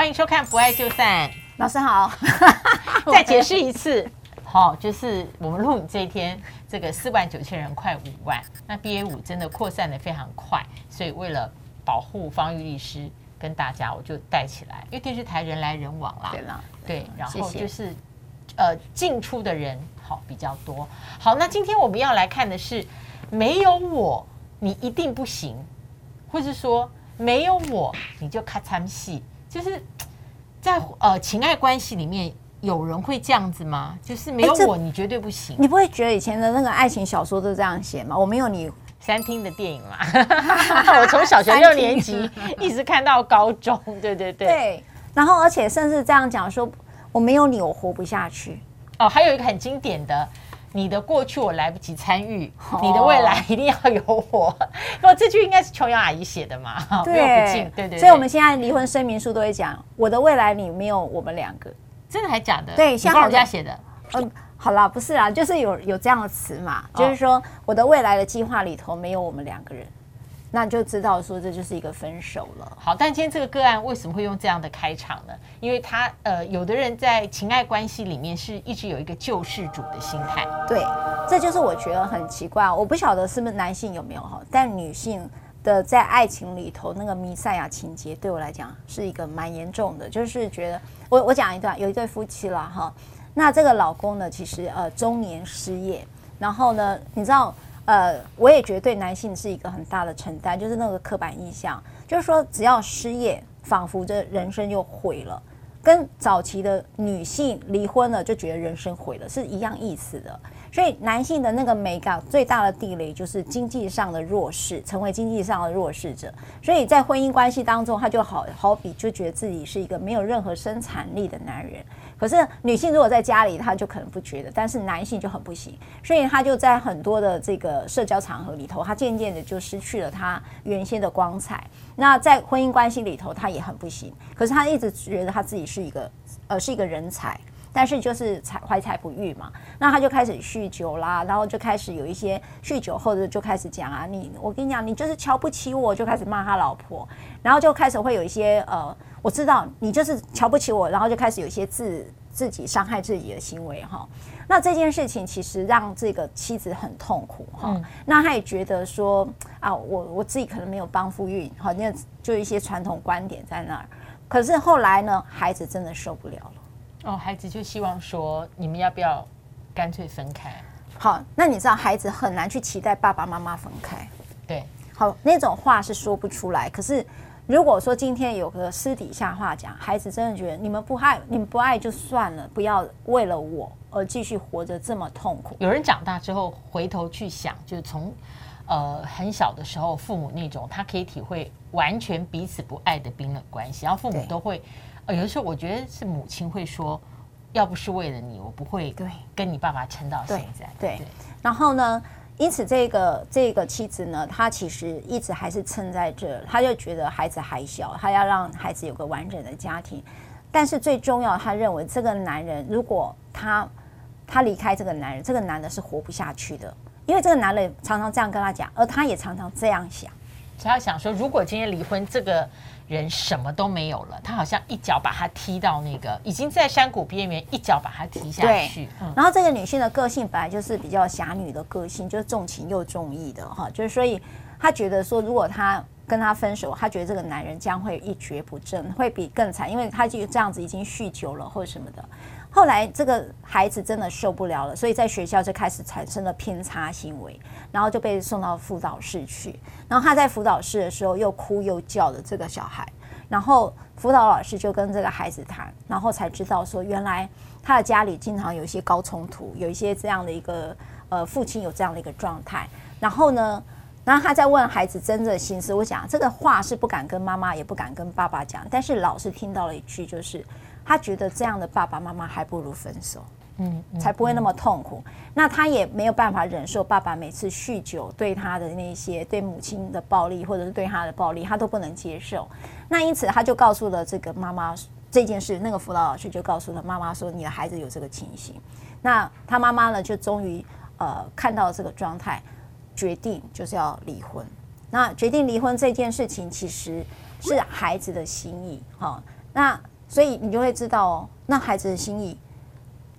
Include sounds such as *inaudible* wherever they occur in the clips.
歡迎收看《不愛就散》，老師好，再解釋一次， *laughs* 好，就是我們錄影這一天，這個四萬九千人快五萬，那 BA 五真的擴散得非常快，所以為了保護芳玉律師跟大家，我就帶起來，因為電視台人來人往啦，對，啦對，對，然後就是謝謝呃進出的人好比較多，好，那今天我們要來看的是沒有我你一定不行，或是說沒有我你就卡慘死。就是在呃情愛關係裡面，有人會這樣子嗎？就是沒有我、欸，你絕對不行。你不會覺得以前的那個愛情小說都這樣寫嗎？我沒有你，三廳的電影嘛。 *laughs* 啊、我從小學六年級一直看到高中，對對對。對，然後而且甚至這樣講說，我沒有你，我活不下去。哦，還有一個很經典的。你的過去我來不及參與，oh. 你的未來一定要有我。因為， *laughs* 這句應該是瓊瑤阿姨寫的嘛？對，對對，對對。所以我們現在離婚聲明書都會講，我的未來裡沒有我們兩個，真的還假的？對，像我家寫的。嗯，好啦，不是啦，就是有有這樣的詞嘛，哦、就是說我的未來的計劃裡頭沒有我們兩個人。那你就知道說這就是一個分手了。好，但今天這個個案為什麼會用這樣的開場呢？因為他呃，有的人在情愛關係裡面是一直有一個救世主的心態。對，這就是我覺得很奇怪。我不曉得是不是男性有沒有哈，但女性的在愛情裡頭那個彌賽亞情結，對我來講是一個蠻嚴重的。就是覺得我我講一段，有一對夫妻了哈，那這個老公呢，其實呃中年失業，然後呢，你知道。呃，我也覺得對男性是一個很大的承擔，就是那個刻板印象，就是說只要失業，仿佛這人生又毀了，跟早期的女性離婚了就覺得人生毀了是一樣意思的。所以男性的那個美感最大的地雷就是經濟上的弱勢，成為經濟上的弱勢者，所以在婚姻關係當中，他就好好比就覺得自己是一個沒有任何生產力的男人。可是女性如果在家裡，她就可能不覺得，但是男性就很不行，所以他就在很多的這個社交場合裡頭，他漸漸的就失去了他原先的光彩。那在婚姻關係裡頭，他也很不行。可是他一直覺得他自己是一個，呃，是一個人才，但是就是才懷才不遇嘛。那他就開始酗酒啦，然後就開始有一些酗酒後的就開始講啊，你我跟你講，你就是瞧不起我，就開始罵他老婆，然後就開始會有一些呃。我知道你就是瞧不起我，然後就開始有一些自自己傷害自己的行為哈。那這件事情其實讓這個妻子很痛苦哈，嗯。那他也覺得說啊，我我自己可能沒有幫夫運哈，那就一些傳統觀點在那兒。可是後來呢，孩子真的受不了了。哦，孩子就希望說，你們要不要乾脆分開？好，那你知道孩子很難去期待爸爸媽媽分開。對，好那種話是說不出來，可是。如果說今天有個私底下話講，孩子真的覺得你們不愛，你們不愛就算了，不要為了我而繼續活着這麼痛苦。有人長大之後回頭去想，就從呃很小的時候父母那種他可以體會完全彼此不愛的冰冷關係，然後父母都會、呃，有的時候我覺得是母親會說，要不是為了你，我不會對跟你爸爸撐到現在。對對對。對，然後呢？因此，這個這個妻子呢，她其實一直還是撐在這，她就覺得孩子還小，她要讓孩子有個完整的家庭。但是最重要，她認為這個男人如果他他離開這個男人，這個男的是活不下去的，因為這個男人常常這樣跟她講，而她也常常這樣想。他要想說，如果今天離婚，這個人什麼都沒有了，他好像一腳把他踢到那個已經在山谷邊緣，一腳把他踢下去，嗯。然後這個女性的個性本來就是比較俠女的個性，就是重情又重義的哈，就是所以她覺得說，如果他。跟他分手，他覺得這個男人將會一蹶不振，會比更慘，因為他就這樣子已經酗酒了或者什麼的。後來這個孩子真的受不了了，所以在學校就開始產生了偏差行為，然後就被送到輔導室去。然後他在輔導室的時候，又哭又叫的這個小孩，然後輔導老師就跟這個孩子談，然後才知道說原來他的家裡經常有一些高衝突，有一些這樣的一個呃父親有這樣的一個狀態，然後呢。然後他在問孩子真的心思，我想這個話是不敢跟媽媽，也不敢跟爸爸講，但是老師聽到了一句，就是他覺得這樣的爸爸媽媽還不如分手，嗯，嗯，嗯，才不會那麼痛苦。那他也沒有辦法忍受爸爸每次酗酒對他的那些對母親的暴力，或者是對他的暴力，他都不能接受。那因此他就告訴了這個媽媽這件事，那個輔導老師就告訴了媽媽說：“你的孩子有這個情形。”那他媽媽呢，就終於呃看到了這個狀態。決定就是要離婚，那決定離婚這件事情其實是孩子的心意哈、哦。那所以你就會知道哦，那孩子的心意，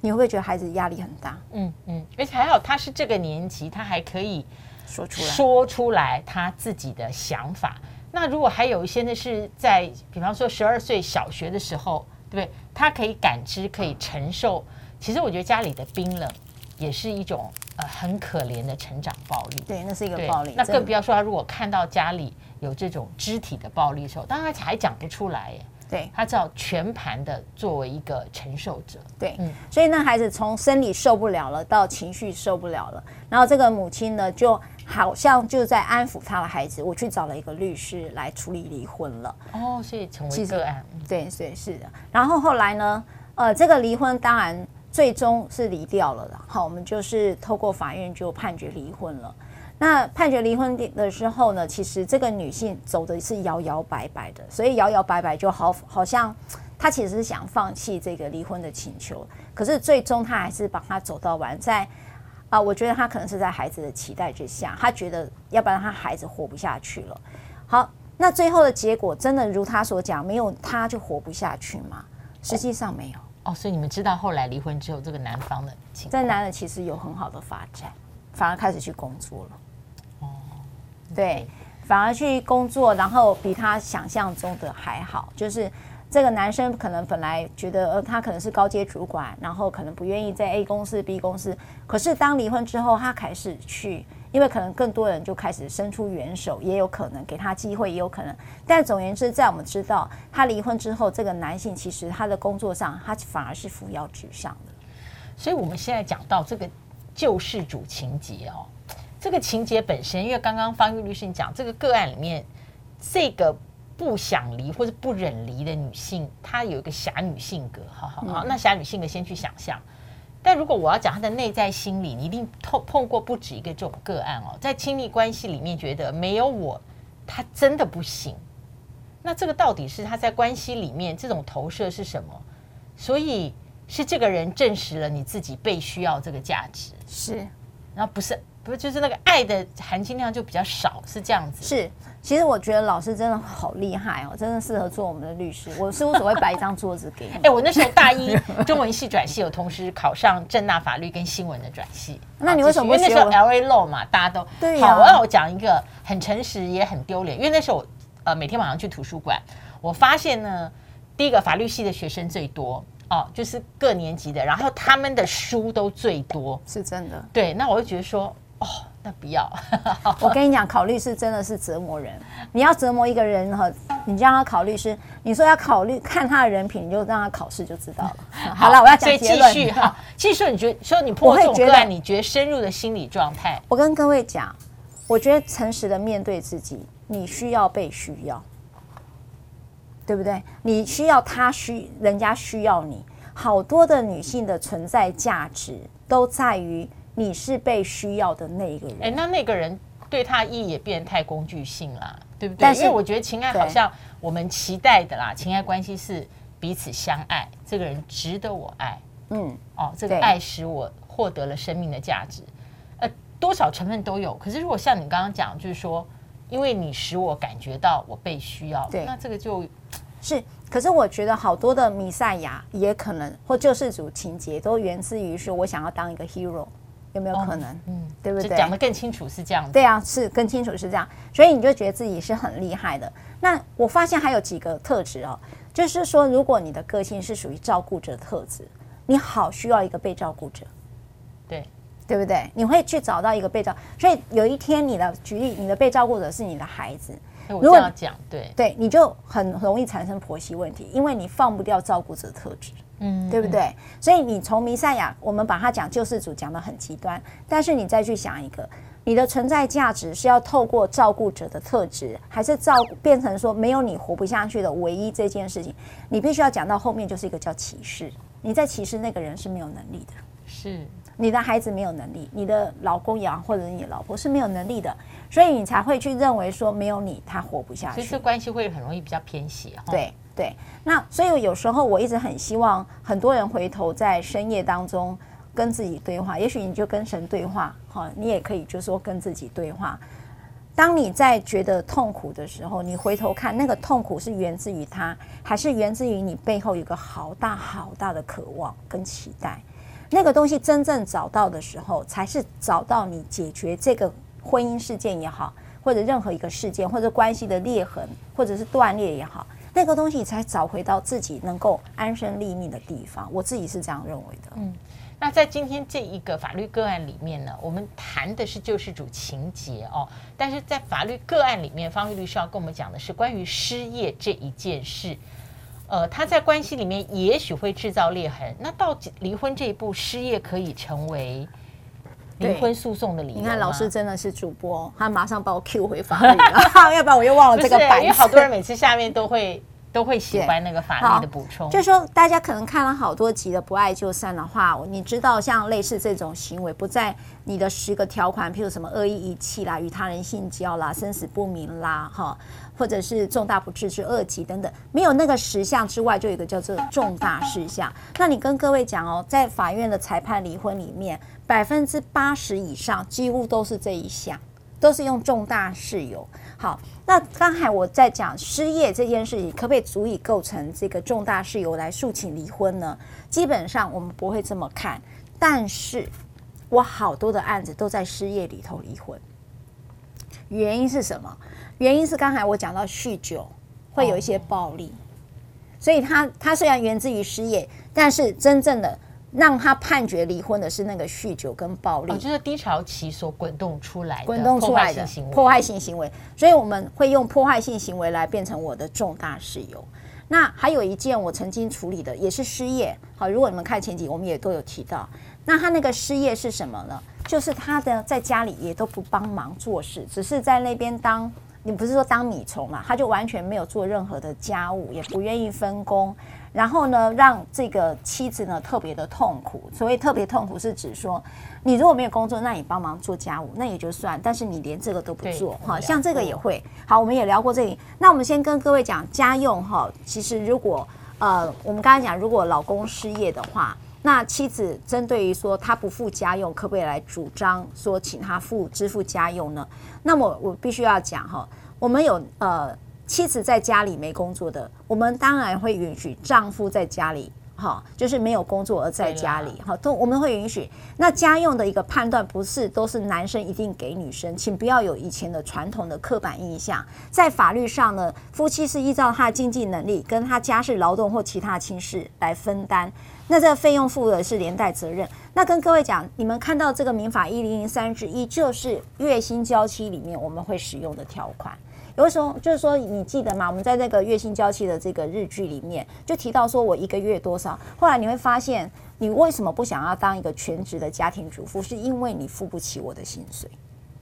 你會不會覺得孩子壓力很大？嗯嗯，而且還好他是這個年紀，他還可以說出來，說出來他自己的想法。那如果還有一些呢，是在比方說十二歲小學的時候，對不對？他可以感知，可以承受。嗯、其實我覺得家裡的冰冷也是一種。呃，很可憐的成長暴力，對，那是一個暴力。那更不要說他如果看到家裡有這種肢體的暴力的時候，當然還講不出來耶。對，他要全盤的作為一個承受者。對、嗯，所以那孩子從生理受不了了，到情緒受不了了，然後這個母親呢，就好像就在安撫他的孩子。我去找了一個律師來處理離婚了。哦，所以成為這個案，對，所以是的。然後後來呢，呃，這個離婚當然。最終是離掉了的。好，我們就是透過法院就判決離婚了。那判決離婚的時候呢，其實這個女性走的是搖搖擺擺的，所以搖搖擺擺就好好像她其實是想放棄這個離婚的請求。可是最終她還是把她走到完，在啊，我覺得她可能是在孩子的期待之下，她覺得要不然她孩子活不下去了。好，那最後的結果真的如她所講，沒有她就活不下去嗎？實際上沒有。哦。哦、oh,，所以你們知道後來離婚之後，這個男方的情況，這男的其實有很好的發展，反而開始去工作了。哦、oh, okay.，對，反而去工作，然後比他想象中的還好。就是這個男生可能本來覺得，呃，他可能是高階主管，然後可能不願意在 A 公司、B 公司。可是當離婚之後，他開始去。因為可能更多人就開始伸出援手，也有可能給他機會，也有可能。但總而言之，在我們知道他離婚之後，這個男性其實他的工作上他反而是扶搖直上的。所以，我們現在講到這個救世主情節哦，這個情節本身，因為剛剛芳玉律師講這個個案裡面，這個不想離或者不忍離的女性，她有一個俠女性格，好好好，嗯，那俠女性格先去想象。但如果我要講他的內在心理，你一定碰碰過不止一個這種個案哦，在親密關係裡面覺得沒有我，他真的不行。那這個到底是他在關係裡面這種投射是什麼？所以是這個人證實了你自己被需要這個價值，是，然後不是。不就是那個愛的含金量就比較少，是這樣子？是，其實我覺得老師真的好厲害哦，真的適合做我們的律師。我是無所謂擺一張桌子給你。哎、 *laughs* 欸，我那時候大一中文系轉系，有 *laughs* 同時考上政大法律跟新聞的轉系。那你為什麼那時候 LA Law 嘛？大家都對好，我我講一個很誠實也很丟臉，因為那時候，LA、啊、我那時候我呃每天晚上去圖書館，我發現呢，第一個法律系的學生最多哦，就是各年級的，然後他們的書都最多，是真的。對，那我就覺得說。哦、oh，那不要。 *laughs* 我跟你講，考律師真的是折磨人。你要折磨一個人哈，你讓他考律師。你說要考慮看他的人品，你就讓他考試就知道了。好了，我要講結論哈。所以繼續，其實你覺得，說你破會覺得，你覺得深入的心理狀態。我跟各位講，我覺得誠實的面對自己，你需要被需要，對不對？你需要他需人家需要你。好多的女性的存在價值都在於。你是被需要的那一個人，哎，那那個人對他意義也變得太工具性了，對不對？但是我覺得情愛好像我們期待的啦，情愛關係是彼此相愛，這個人值得我愛，嗯，哦，這個愛使我獲得了生命的價值，呃，多少成分都有。可是如果像你剛剛講，就是說，因為你使我感覺到我被需要，對，那這個就是。可是我覺得好多的彌賽亞，也可能或救世主情節，都源自於說我想要當一個 hero。有沒有可能、哦？嗯，對不對？講得更清楚是這樣。對啊，是更清楚是這樣。所以你就覺得自己是很厲害的。那我發現還有幾個特質哦，就是說，如果你的個性是屬於照顧者的特質，你好需要一個被照顧者。對，對不對？你會去找到一個被照，所以有一天你的舉例，你的被照顧者是你的孩子。我如果這樣講，對對，你就很容易產生婆媳問題，因為你放不掉照顧者的特質。嗯，對不對？所以你從彌賽亞，我們把它講救世主講得很極端，但是你再去想一個，你的存在價值是要透過照顧者的特質，還是照顧變成說沒有你活不下去的唯一這件事情？你必須要講到後面，就是一個叫歧視。你在歧視那個人是沒有能力的，是你的孩子沒有能力，你的老公也好，或者你老婆是沒有能力的，所以你才會去認為說沒有你他活不下去，其實關係會很容易比較偏斜。對。對，那所以有時候我一直很希望很多人回頭在深夜當中跟自己對話，也許你就跟神對話，哈，你也可以就說跟自己對話。當你在覺得痛苦的時候，你回頭看，那個痛苦是源自於他，還是源自於你背後有個好大好大的渴望跟期待？那個東西真正找到的時候，才是找到你解決這個婚姻事件也好，或者任何一個事件，或者關係的裂痕，或者是斷裂也好。這個東西才找回到自己能夠安身立命的地方，我自己是這樣認為的。嗯，那在今天這一個法律個案裡面呢，我們談的是救世主情節哦，但是在法律個案裡面，芳玉律師要跟我們講的是關於失業這一件事。呃，他在關係裡面也許會製造裂痕，那到離婚這一步，失業可以成為離婚訴訟的理由，你看老師真的是主播，他馬上把我 Q 回法律了， *laughs* *laughs* 要不然我又忘了這個版。好多人每次下面都會。都會喜歡那個法律的補充，就是說大家可能看了好多集的《不愛就散》的話，你知道像類似這種行為不在你的十個條款，譬如什麼惡意遺棄啦、與他人性交啦、生死不明啦，哈，或者是重大不治之惡疾等等，沒有那個十項之外，就有一個叫做重大事項。那你跟各位講哦，在法院的裁判離婚裡面，百分之八十以上幾乎都是這一項，都是用重大事由。好，那剛才我在講失業這件事情，可不可以足以構成這個重大事由來訴請離婚呢？基本上我們不會這麼看，但是我好多的案子都在失業裡頭離婚，原因是什麼？原因是剛才我講到酗酒會有一些暴力，所以他它，它雖然源自於失業，但是真正的。讓他判決離婚的是那個酗酒、跟暴力，就是低潮期所滾動出來的破壞性行為。破壞性行為，所以我們會用破壞性行為來變成我的重大事由。那還有一件我曾經處理的也是失業。好，如果你們看前集，我們也都有提到。那他那個失業是什麼呢？就是他的在家裡也都不幫忙做事，只是在那邊當你不是說當米蟲嘛，他就完全沒有做任何的家務，也不願意分工。然後呢，讓這個妻子呢，特別的痛苦。所謂特別痛苦，是指說，你如果沒有工作，那你幫忙做家務，那也就算；但是你連這個都不做，好像這個也會。好，我們也聊過這裡。那我們先跟各位講家用哈。其實如果呃，我們剛才講，如果老公失業的話，那妻子針對於說他不付家用，可不可以來主張說請他付支付家用呢？那麼我必須要講哈，我們有呃。妻子在家裡沒工作的，我們當然會允許丈夫在家裡，哈，就是沒有工作而在家裡，哈，都我們會允許。那家用的一個判斷不是都是男生一定給女生，請不要有以前的傳統的刻板印象。在法律上呢，夫妻是依照他的經濟能力跟他家事勞動或其他的情事來分擔。那這個費用負的是連帶責任。那跟各位講，你們看到這個民法一零零三之一，就是月薪交期裡面我們會使用的條款。有的時候就是說，你記得嗎？我們在那個月薪嬌妻的這個日劇裡面就提到說，我一個月多少？後來你會發現，你為什麼不想要當一個全職的家庭主婦？是因為你付不起我的薪水。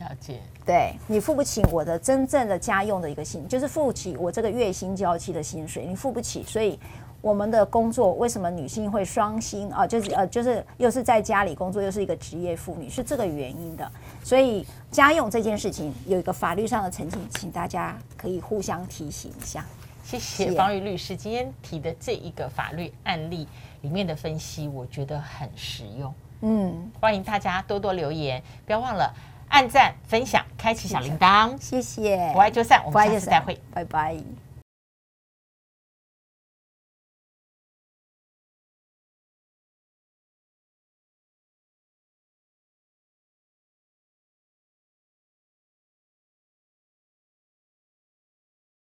了解。對，你付不起我的真正的家用的一個薪，就是付不起我這個月薪嬌妻的薪水，你付不起。所以我們的工作為什麼女性會雙薪啊？就是呃、啊，就是又是在家裡工作，又是一個職業婦女，是這個原因的。所以家用這件事情有一個法律上的澄清，請大家可以互相提醒一下。謝謝芳玉律師今天提的這一個法律案例裡面的分析，我覺得很實用。嗯，歡迎大家多多留言，不要忘了按讚、分享、開啟小鈴鐺。謝謝，不愛就散，我們下次再會，拜拜。